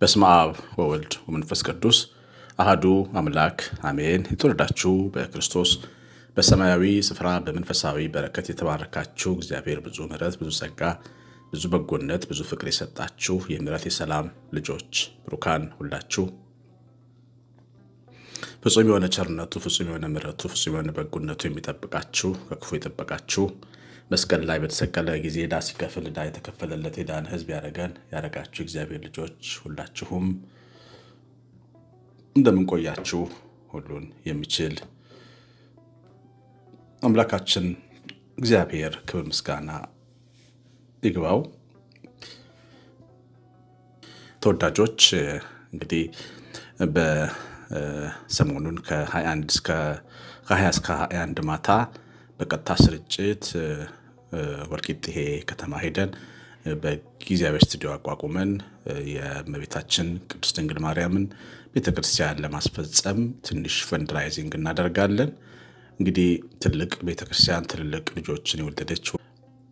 በስመ አብ ወወልድ ወመንፈስ ቅዱስ አህዱ አምላክ አሜን። የተወለዳችሁ በክርስቶስ በሰማያዊ ስፍራ በመንፈሳዊ በረከት የተባረካችሁ እግዚአብሔር ብዙ ምሕረት፣ ብዙ ጸጋ፣ ብዙ በጎነት፣ ብዙ ፍቅር የሰጣችሁ የምሕረት የሰላም ልጆች ብሩካን ሁላችሁ ፍጹም የሆነ ቸርነቱ፣ ፍጹም የሆነ ምረቱ፣ ፍጹም የሆነ በጎነቱ የሚጠብቃችሁ ከክፉ የጠበቃችሁ መስቀል ላይ በተሰቀለ ጊዜ ዕዳ ሲከፍል ዕዳ የተከፈለለት የዳን ሕዝብ ያደረገን ያደረጋችሁ እግዚአብሔር ልጆች ሁላችሁም እንደምንቆያችሁ ሁሉን የሚችል አምላካችን እግዚአብሔር ክብር ምስጋና ይግባው። ተወዳጆች እንግዲህ ሰሞኑን ከ21 እስከ 21 ማታ በቀጥታ ስርጭት ወልቂጤ ከተማ ሄደን በጊዜያዊ ስቱዲዮ አቋቁመን የእመቤታችን ቅድስት ድንግል ማርያምን ቤተክርስቲያን ለማስፈጸም ትንሽ ፈንድራይዚንግ እናደርጋለን። እንግዲህ ትልቅ ቤተክርስቲያን ትልልቅ ልጆችን የወለደችው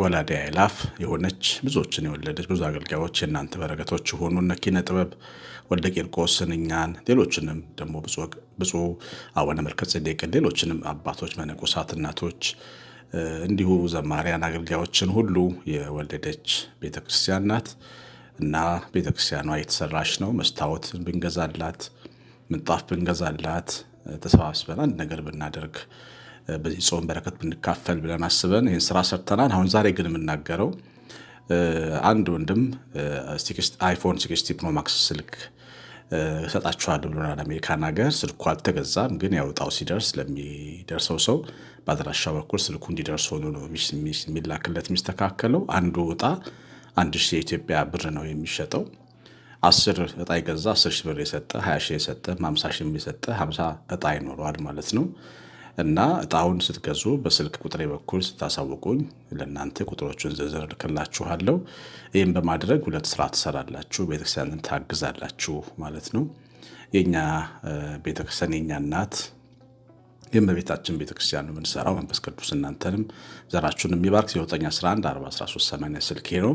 ወላዲ አይላፍ የሆነች ብዙዎችን የወለደች ብዙ አገልጋዮች የእናንተ በረከቶች የሆኑ እነ ኪነ ጥበብ ወልደ ቂርቆስን እኛን ሌሎችንም ደግሞ ብፁዕ አቡነ መልከ ጼዴቅን ሌሎችንም አባቶች፣ መነኮሳት፣ እናቶች እንዲሁ ዘማሪያን አገልጋዮችን ሁሉ የወለደች ቤተክርስቲያን ናት እና ቤተክርስቲያኗ የተሰራች ነው። መስታወት ብንገዛላት፣ ምንጣፍ ብንገዛላት፣ ተሰባስበን አንድ ነገር ብናደርግ በዚህ ጾም በረከት ብንካፈል ብለን አስበን ይህን ስራ ሰርተናል። አሁን ዛሬ ግን የምናገረው አንድ ወንድም አይፎን ሲክስቲ ፕሮማክስ ስልክ እሰጣችኋለሁ ብሎናል። አሜሪካን ሀገር ስልኩ አልተገዛም፣ ግን ያወጣው ሲደርስ ለሚደርሰው ሰው በአድራሻ በኩል ስልኩ እንዲደርስ ሆኖ ነው የሚላክለት የሚስተካከለው። አንዱ እጣ አንድ ሺህ የኢትዮጵያ ብር ነው የሚሸጠው። አስር እጣ የገዛ አስር ሺህ ብር የሰጠ ሀያ ሺህ የሰጠ ሀምሳ ሺህ የሰጠ ሀምሳ እጣ ይኖረዋል ማለት ነው። እና እጣውን ስትገዙ በስልክ ቁጥሬ በኩል ስታሳውቁኝ ለእናንተ ቁጥሮቹን ዝርዝር ልክላችኋለሁ። ይህም በማድረግ ሁለት ስራ ትሰራላችሁ፣ ቤተክርስቲያንን ታግዛላችሁ ማለት ነው። የኛ ቤተክርስቲያን የኛ እናት ይህም በቤታችን ቤተክርስቲያን ነው የምንሰራው። መንፈስ ቅዱስ እናንተንም ዘራችሁን የሚባርክ 914 ስልኬ ነው።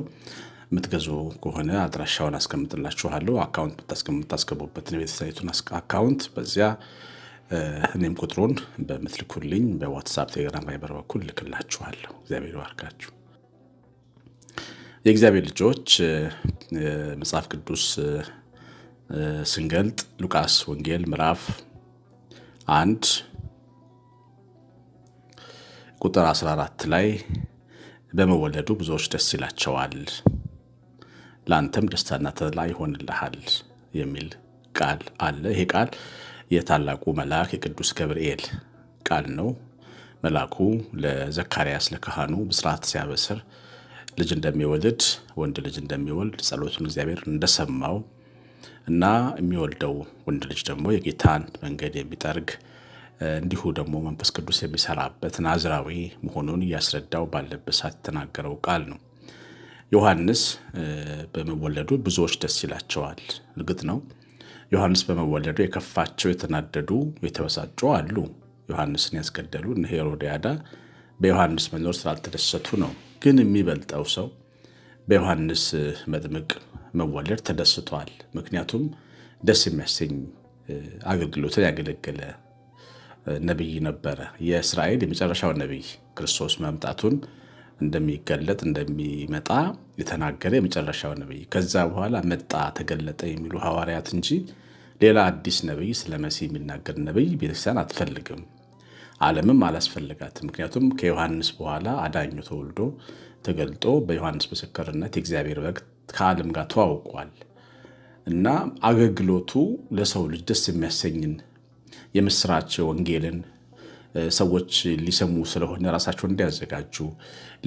የምትገዙ ከሆነ አድራሻውን አስቀምጥላችኋለሁ። አካውንት የምታስገቡበትን የቤተሰቤቱን አካውንት በዚያ እኔም ቁጥሩን በምትልኩልኝ በዋትሳፕ ቴሌግራም፣ ቫይበር በኩል ልክላችኋለሁ። እግዚአብሔር ይባርካችሁ። የእግዚአብሔር ልጆች መጽሐፍ ቅዱስ ስንገልጥ ሉቃስ ወንጌል ምዕራፍ አንድ ቁጥር 14 ላይ በመወለዱ ብዙዎች ደስ ይላቸዋል፣ ለአንተም ደስታና ተድላ ይሆንልሃል የሚል ቃል አለ። ይሄ ቃል የታላቁ መልአክ የቅዱስ ገብርኤል ቃል ነው። መልአኩ ለዘካርያስ ለካህኑ ብስራት ሲያበስር ልጅ እንደሚወልድ ወንድ ልጅ እንደሚወልድ ጸሎቱን እግዚአብሔር እንደሰማው እና የሚወልደው ወንድ ልጅ ደግሞ የጌታን መንገድ የሚጠርግ እንዲሁ ደግሞ መንፈስ ቅዱስ የሚሰራበት ናዝራዊ መሆኑን እያስረዳው ባለበት ሰዓት የተናገረው ቃል ነው። ዮሐንስ በመወለዱ ብዙዎች ደስ ይላቸዋል። እርግጥ ነው ዮሐንስ በመወለዱ የከፋቸው የተናደዱ፣ የተበሳጩ አሉ። ዮሐንስን ያስገደሉ እነ ሄሮድያዳ በዮሐንስ መኖር ስላልተደሰቱ ነው። ግን የሚበልጠው ሰው በዮሐንስ መጥምቅ መወለድ ተደስቷል ምክንያቱም ደስ የሚያሰኝ አገልግሎትን ያገለገለ ነቢይ ነበረ። የእስራኤል የመጨረሻው ነቢይ ክርስቶስ መምጣቱን እንደሚገለጥ እንደሚመጣ የተናገረ የመጨረሻው ነቢይ። ከዛ በኋላ መጣ ተገለጠ የሚሉ ሐዋርያት እንጂ ሌላ አዲስ ነቢይ ስለ መሲህ የሚናገር ነቢይ ቤተክርስቲያን አትፈልግም፣ ዓለምም አላስፈልጋትም። ምክንያቱም ከዮሐንስ በኋላ አዳኙ ተወልዶ ተገልጦ በዮሐንስ ምስክርነት የእግዚአብሔር በግ ከዓለም ጋር ተዋውቋል እና አገልግሎቱ ለሰው ልጅ ደስ የሚያሰኝን የምስራቸው ወንጌልን ሰዎች ሊሰሙ ስለሆነ ራሳቸውን እንዲያዘጋጁ፣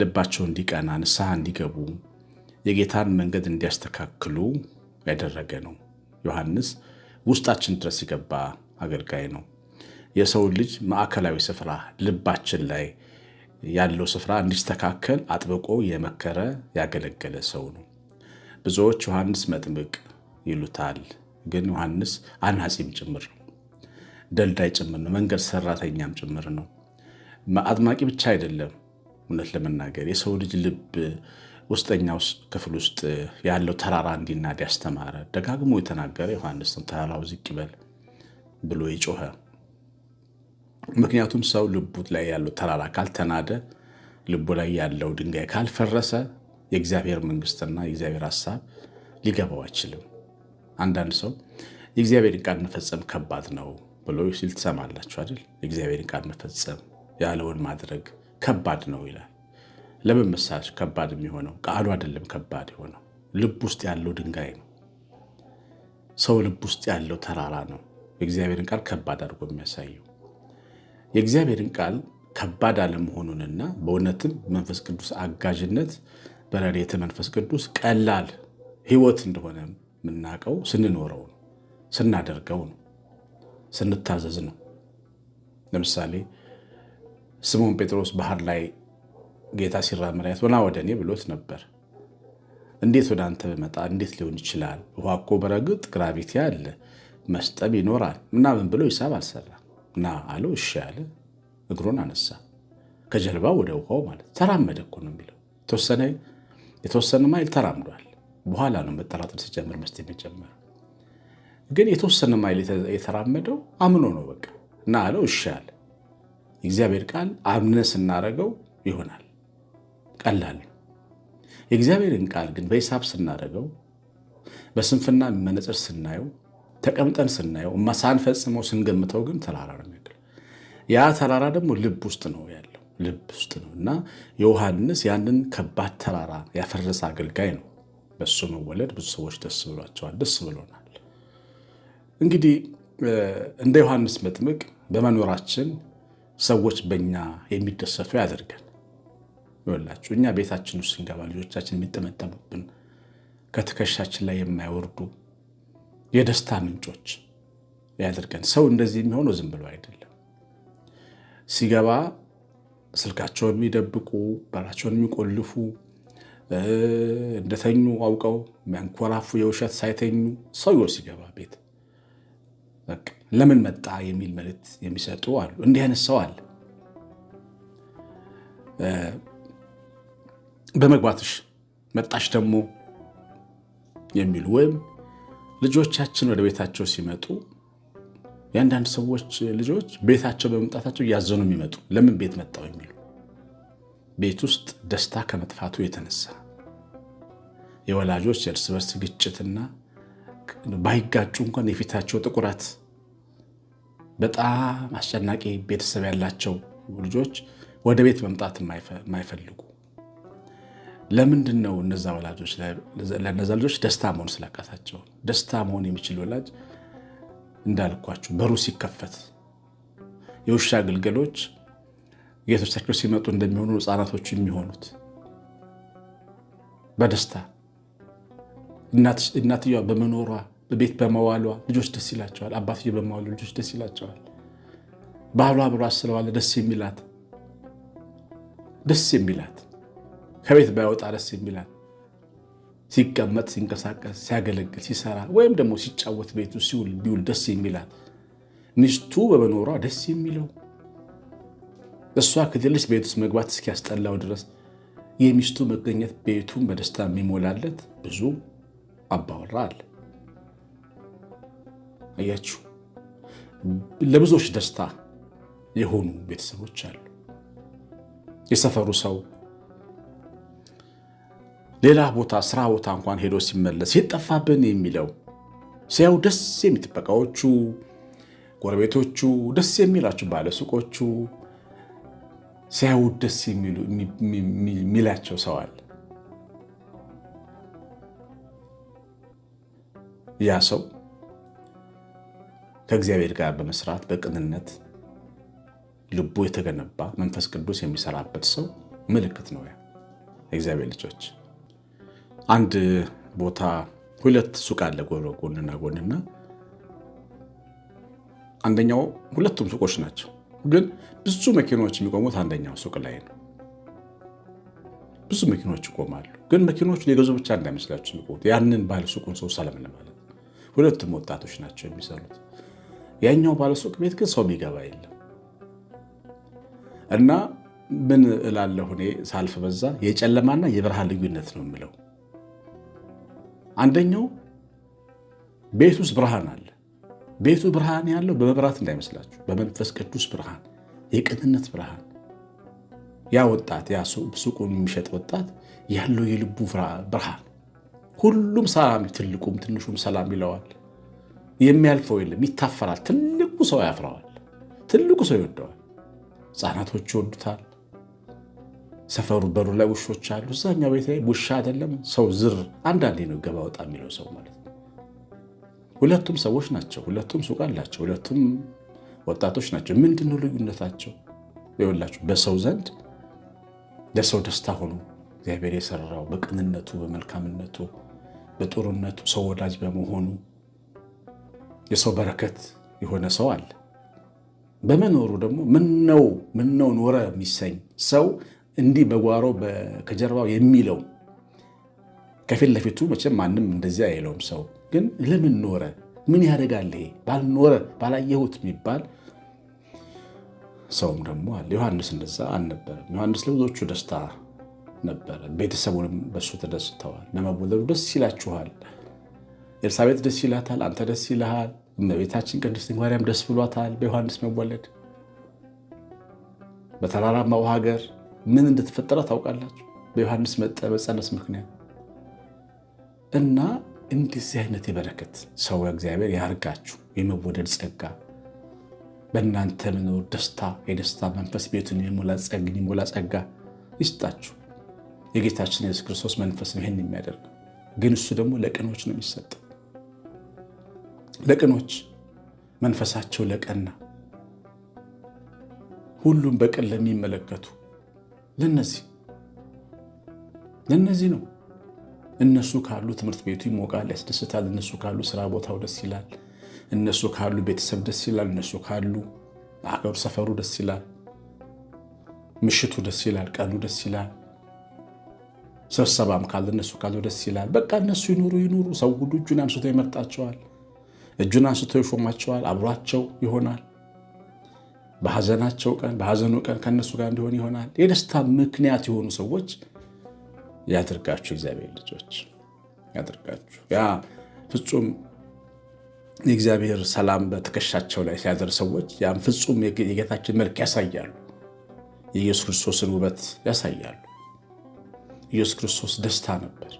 ልባቸው እንዲቀና፣ ንስሐ እንዲገቡ፣ የጌታን መንገድ እንዲያስተካክሉ ያደረገ ነው። ዮሐንስ ውስጣችን ድረስ የገባ አገልጋይ ነው። የሰው ልጅ ማዕከላዊ ስፍራ ልባችን ላይ ያለው ስፍራ እንዲስተካከል አጥብቆ የመከረ ያገለገለ ሰው ነው። ብዙዎች ዮሐንስ መጥምቅ ይሉታል፣ ግን ዮሐንስ አናጺም ጭምር ነው። ደልዳይ ጭምር ነው፣ መንገድ ሰራተኛም ጭምር ነው። አድማቂ ብቻ አይደለም። እውነት ለመናገር የሰው ልጅ ልብ ውስጠኛው ክፍል ውስጥ ያለው ተራራ እንዲናድ ያስተማረ ደጋግሞ የተናገረ ዮሐንስ ነው። ተራራው ዝቅ ይበል ብሎ የጮኸ ምክንያቱም ሰው ልቡት ላይ ያለው ተራራ ካልተናደ፣ ልቡ ላይ ያለው ድንጋይ ካልፈረሰ የእግዚአብሔር መንግስትና የእግዚአብሔር ሀሳብ ሊገባው አይችልም። አንዳንድ ሰው የእግዚአብሔር ቃል መፈጸም ከባድ ነው ብሎ ሲል ትሰማላችሁ አይደል? የእግዚአብሔርን ቃል መፈጸም ያለውን ማድረግ ከባድ ነው ይላል። ለምን መሳች ከባድ የሚሆነው? ቃሉ አይደለም ከባድ የሆነው ልብ ውስጥ ያለው ድንጋይ ነው። ሰው ልብ ውስጥ ያለው ተራራ ነው የእግዚአብሔርን ቃል ከባድ አድርጎ የሚያሳየው። የእግዚአብሔርን ቃል ከባድ አለመሆኑንና በእውነትም መንፈስ ቅዱስ አጋዥነት በረድኤተ መንፈስ ቅዱስ ቀላል ህይወት እንደሆነ የምናውቀው ስንኖረው ነው ስናደርገው ነው። ስንታዘዝ ነው። ለምሳሌ ስምዖን ጴጥሮስ ባህር ላይ ጌታ ሲራመድ አያት። ና ወደ እኔ ብሎት ነበር። እንዴት ወደ አንተ በመጣ እንዴት ሊሆን ይችላል? ውሃ እኮ በረግጥ ግራቪቲ አለ፣ መስጠም ይኖራል ምናምን ብሎ ሂሳብ አልሰራ። እና አለው፣ እሺ አለ። እግሩን አነሳ ከጀልባ ወደ ውሃው ማለት ተራመደ እኮ ነው የሚለው። የተወሰነ ማይል ተራምዷል። በኋላ ነው መጠራጠር ሲጀምር መስጠም የሚጀምረው። ግን የተወሰነ ማይል የተራመደው አምኖ ነው። በቃ እና አለው እሺ አለ። የእግዚአብሔር ቃል አምነ ስናደርገው ይሆናል፣ ቀላል ነው። የእግዚአብሔርን ቃል ግን በሂሳብ ስናደርገው፣ በስንፍና መነጽር ስናየው፣ ተቀምጠን ስናየው፣ ሳንፈጽመው ስንገምተው ግን ተራራ ነው። ያ ተራራ ደግሞ ልብ ውስጥ ነው ያለው፣ ልብ ውስጥ ነው እና ዮሐንስ ያንን ከባድ ተራራ ያፈረሰ አገልጋይ ነው። በሱ መወለድ ብዙ ሰዎች ደስ ብሏቸዋል፣ ደስ ብሎናል። እንግዲህ እንደ ዮሐንስ መጥምቅ በመኖራችን ሰዎች በእኛ የሚደሰቱ ያደርገን ይወላችሁ። እኛ ቤታችን ውስጥ ስንገባ ልጆቻችን የሚጠመጠሙብን ከትከሻችን ላይ የማይወርዱ የደስታ ምንጮች ያደርገን። ሰው እንደዚህ የሚሆነው ዝም ብሎ አይደለም። ሲገባ ስልካቸውን የሚደብቁ በራቸውን የሚቆልፉ እንደተኙ አውቀው የሚያንኮራፉ የውሸት ሳይተኙ ሰውየው ሲገባ ቤት ለምን መጣ የሚል መልእክት የሚሰጡ አሉ። እንዲህ አይነት ሰው አለ። በመግባትሽ መጣሽ ደግሞ የሚሉ ወይም ልጆቻችን ወደ ቤታቸው ሲመጡ የአንዳንድ ሰዎች ልጆች ቤታቸው በመምጣታቸው እያዘኑ የሚመጡ ለምን ቤት መጣው የሚሉ ቤት ውስጥ ደስታ ከመጥፋቱ የተነሳ የወላጆች የእርስ በርስ ግጭትና ባይጋጩ እንኳን የፊታቸው ጥቁረት በጣም አስጨናቂ ቤተሰብ ያላቸው ልጆች ወደ ቤት መምጣት የማይፈልጉ ለምንድን ነው? እነዛ ወላጆች ለነዛ ልጆች ደስታ መሆን ስላቃታቸው። ደስታ መሆን የሚችል ወላጅ እንዳልኳቸው በሩ ሲከፈት የውሻ ግልገሎች ጌቶቻቸው ሲመጡ እንደሚሆኑ ሕፃናቶቹ የሚሆኑት በደስታ እናትየዋ በመኖሯ በቤት በመዋሏ ልጆች ደስ ይላቸዋል። አባትየው በመዋሉ ልጆች ደስ ይላቸዋል። ባህሏ አብሯት ስለዋለ ደስ የሚላት ደስ የሚላት ከቤት ባይወጣ ደስ የሚላት ሲቀመጥ፣ ሲንቀሳቀስ፣ ሲያገለግል፣ ሲሰራ ወይም ደግሞ ሲጫወት ቤቱ ሲውል ቢውል ደስ የሚላት ሚስቱ በመኖሯ ደስ የሚለው እሷ ከሌለች ቤት ውስጥ መግባት እስኪያስጠላው ድረስ የሚስቱ መገኘት ቤቱን በደስታ የሚሞላለት ብዙ አባወራ አለ። አያችሁ፣ ለብዙዎች ደስታ የሆኑ ቤተሰቦች አሉ። የሰፈሩ ሰው ሌላ ቦታ ስራ ቦታ እንኳን ሄዶ ሲመለስ የጠፋብን የሚለው ሲያው ደስ የሚል ጎረቤቶቹ፣ ደስ የሚላቸው ባለሱቆቹ ሲያዩ ደስ የሚላቸው ሰው አለ። ያ ሰው ከእግዚአብሔር ጋር በመስራት በቅንነት ልቡ የተገነባ መንፈስ ቅዱስ የሚሰራበት ሰው ምልክት ነው። እግዚአብሔር ልጆች አንድ ቦታ ሁለት ሱቅ አለ ጎንና ጎንና አንደኛው ሁለቱም ሱቆች ናቸው፣ ግን ብዙ መኪኖች የሚቆሙት አንደኛው ሱቅ ላይ ነው። ብዙ መኪኖች ይቆማሉ፣ ግን መኪኖቹ ሊገዙ ብቻ እንዳይመስላችሁ የሚቆሙት ያንን ባለ ሱቁን ሰው ሰለምን ሁለቱም ወጣቶች ናቸው የሚሰሩት። ያኛው ባለሱቅ ቤት ግን ሰው የሚገባ የለም እና ምን እላለሁ እኔ ሳልፍ በዛ የጨለማና የብርሃን ልዩነት ነው የምለው። አንደኛው ቤት ውስጥ ብርሃን አለ። ቤቱ ብርሃን ያለው በመብራት እንዳይመስላችሁ፣ በመንፈስ ቅዱስ ብርሃን፣ የቅንነት ብርሃን። ያ ወጣት ያ ሱቁን የሚሸጥ ወጣት ያለው የልቡ ብርሃን ሁሉም ሰላም፣ ትልቁም ትንሹም ሰላም ይለዋል። የሚያልፈው የለም፣ ይታፈራል። ትልቁ ሰው ያፍረዋል፣ ትልቁ ሰው ይወደዋል። ህፃናቶች ይወዱታል። ሰፈሩ በሩ ላይ ውሾች አሉ። እዛኛው ቤት ላይ ውሻ አይደለም ሰው ዝር አንዳንዴ ነው ገባ ወጣ የሚለው ሰው ማለት ነው። ሁለቱም ሰዎች ናቸው። ሁለቱም ሱቅ አላቸው። ሁለቱም ወጣቶች ናቸው። ምንድነው ልዩነታቸው? ይኸውላችሁ በሰው ዘንድ ለሰው ደስታ ሆኖ እግዚአብሔር የሰራው በቅንነቱ በመልካምነቱ በጦርነቱ ሰው ወዳጅ በመሆኑ የሰው በረከት የሆነ ሰው አለ። በመኖሩ ደግሞ ምነው ምነው ኖረ የሚሰኝ ሰው እንዲህ በጓሮ ከጀርባው የሚለው ከፊት ለፊቱ መቼም ማንም እንደዚህ አይለውም። ሰው ግን ለምን ኖረ ምን ያደርጋል ይሄ ባልኖረ ባላየሁት የሚባል ሰውም ደግሞ አለ። ዮሐንስ እንደዛ አልነበረም። ዮሐንስ ለብዙዎቹ ደስታ ነበረ። ቤተሰቡንም በሱ ተደስተዋል። ለመወለዱ ደስ ይላችኋል። ኤልሳቤጥ ደስ ይላታል። አንተ ደስ ይልሃል። እመቤታችን ቅድስት ማርያም ደስ ብሏታል በዮሐንስ መወለድ። በተራራማው ሀገር ምን እንደተፈጠረ ታውቃላችሁ? በዮሐንስ መጸነስ ምክንያት እና እንደዚህ አይነት የበረከት ሰው እግዚአብሔር ያርጋችሁ። የመወደድ ጸጋ በእናንተ ምኖር ደስታ፣ የደስታ መንፈስ ቤቱን የሞላ ጸጋ ይስጣችሁ። የጌታችን የሱስ ክርስቶስ መንፈስ ነው ይህን የሚያደርገው። ግን እሱ ደግሞ ለቅኖች ነው የሚሰጠው። ለቅኖች መንፈሳቸው ለቀና ሁሉም በቅን ለሚመለከቱ ለነዚህ ለነዚህ ነው። እነሱ ካሉ ትምህርት ቤቱ ይሞቃል፣ ያስደስታል። እነሱ ካሉ ስራ ቦታው ደስ ይላል። እነሱ ካሉ ቤተሰብ ደስ ይላል። እነሱ ካሉ አገሩ ሰፈሩ ደስ ይላል። ምሽቱ ደስ ይላል። ቀኑ ደስ ይላል። ስብሰባም ካለ እነሱ ካልሆነ ደስ ይላል። በቃ እነሱ ይኑሩ ይኑሩ። ሰው ሁሉ እጁን አንስቶ ይመርጣቸዋል፣ እጁን አንስቶ ይሾማቸዋል፣ አብሯቸው ይሆናል። በሐዘናቸው ቀን በሐዘኑ ቀን ከእነሱ ጋር እንዲሆን ይሆናል። የደስታ ምክንያት የሆኑ ሰዎች ያድርጋችሁ። እግዚአብሔር ልጆች ያድርጋችሁ። ያ ፍጹም የእግዚአብሔር ሰላም በትከሻቸው ላይ ሲያደር ሰዎች ያም ፍጹም የጌታችን መልክ ያሳያሉ። የኢየሱስ ክርስቶስን ውበት ያሳያሉ። ኢየሱስ ክርስቶስ ደስታ ነበር።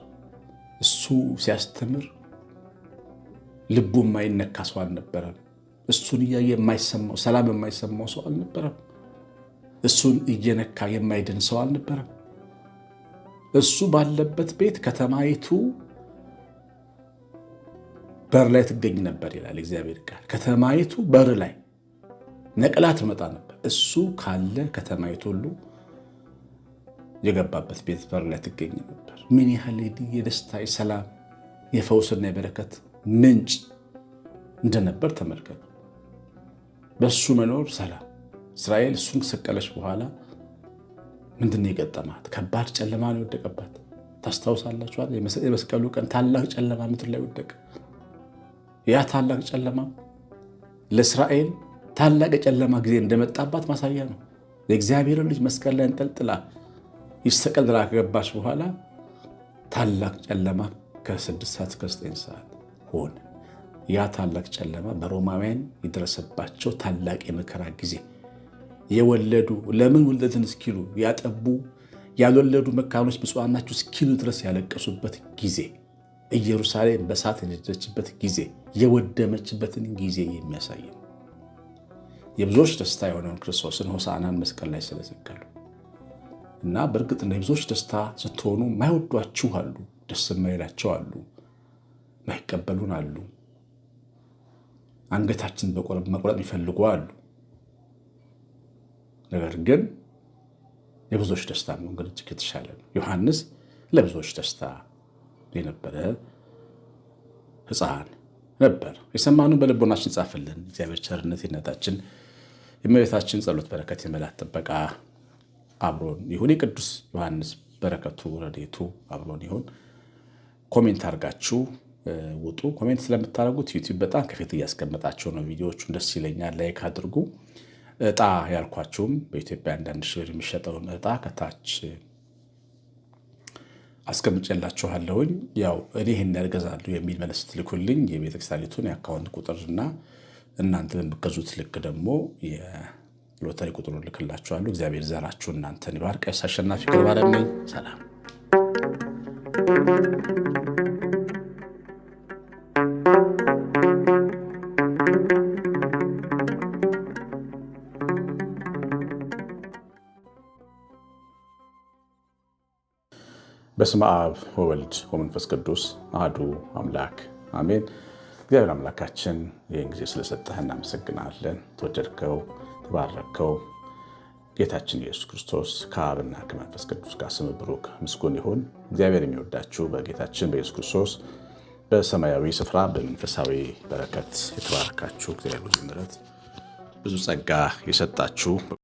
እሱ ሲያስተምር ልቡ የማይነካ ሰው አልነበረም። እሱን እያየ የማይሰማው ሰላም የማይሰማው ሰው አልነበረም። እሱን እየነካ የማይድን ሰው አልነበረም። እሱ ባለበት ቤት ከተማይቱ በር ላይ ትገኝ ነበር ይላል እግዚአብሔር ቃል። ከተማይቱ በር ላይ ነቅላ ትመጣ ነበር። እሱ ካለ ከተማይቱ ሁሉ የገባበት ቤት በር ላይ ትገኝ ነበር። ምን ያህል የደስታ የሰላም የፈውስና የበረከት ምንጭ እንደነበር ተመልከቱ። በሱ መኖር ሰላም። እስራኤል እሱን ከሰቀለች በኋላ ምንድን ነው የገጠማት? ከባድ ጨለማ ነው የወደቀባት። ታስታውሳላችኋል? የመስቀሉ ቀን ታላቅ ጨለማ ምድር ላይ ወደቀ። ያ ታላቅ ጨለማ ለእስራኤል ታላቅ የጨለማ ጊዜ እንደመጣባት ማሳያ ነው። የእግዚአብሔርን ልጅ መስቀል ላይ እንጠልጥላ ይሰቀል ብላ ከገባች በኋላ ታላቅ ጨለማ ከስድስት ሰዓት እስከ ዘጠኝ ሰዓት ሆነ። ያ ታላቅ ጨለማ በሮማውያን የደረሰባቸው ታላቅ የመከራ ጊዜ የወለዱ ለምን ውልደትን እስኪሉ ያጠቡ ያልወለዱ መካኖች ብፁዓን እስኪሉ ድረስ ያለቀሱበት ጊዜ ኢየሩሳሌም በሳት የነደደችበት ጊዜ የወደመችበትን ጊዜ የሚያሳይ የብዙዎች ደስታ የሆነውን ክርስቶስን ሆሳዕናን መስቀል ላይ ስለሰቀሉ እና በእርግጥ እንደ ብዙዎች ደስታ ስትሆኑ ማይወዷችሁ አሉ፣ ደስ የማይላቸው አሉ፣ ማይቀበሉን አሉ፣ አንገታችን መቁረጥ የሚፈልጉ አሉ። ነገር ግን የብዙዎች ደስታ መንገድ እጅግ የተሻለ ነው። ዮሐንስ ለብዙዎች ደስታ የነበረ ሕፃን ነበር። የሰማኑ በልቦናችን ጻፍልን። እግዚአብሔር ቸርነት፣ የእናታችን የእመቤታችን ጸሎት፣ በረከት፣ የመላት ጥበቃ አብሮን ይሁን። የቅዱስ ዮሐንስ በረከቱ ረዴቱ አብሮን ይሁን። ኮሜንት አድርጋችሁ ውጡ። ኮሜንት ስለምታደርጉት ዩቲዩብ በጣም ከፊት እያስቀመጣቸው ነው። ቪዲዮዎቹን ደስ ይለኛል። ላይክ አድርጉ። እጣ ያልኳችሁም በኢትዮጵያ አንዳንድ ሺህ ብር የሚሸጠውን እጣ ከታች አስቀምጨላችኋለሁኝ። ያው እኔ ይህን ያርገዛለሁ የሚል መልስ ትልኩልኝ የቤተክርስቲያኒቱን የአካውንት ቁጥርና እናንተ የምገዙት ልክ ደግሞ ሎተሪ ቁጥሩን ልክላችኋለሁ። እግዚአብሔር ዘራችሁ እናንተን ይባርክ። ቀሲስ አሸናፊ ግርማለም ነኝ። ሰላም በስመ አብ ወወልድ ወመንፈስ ቅዱስ አሐዱ አምላክ አሜን። እግዚአብሔር አምላካችን ይህን ጊዜ ስለሰጠህ እናመሰግናለን። ተወደድከው ባረከው። ጌታችን ኢየሱስ ክርስቶስ ከአብና ከመንፈስ ቅዱስ ጋር ስም ብሩክ ምስጉን ይሁን። እግዚአብሔር የሚወዳችሁ በጌታችን በኢየሱስ ክርስቶስ በሰማያዊ ስፍራ በመንፈሳዊ በረከት የተባረካችሁ እግዚአብሔር ምሕረት ብዙ ጸጋ የሰጣችሁ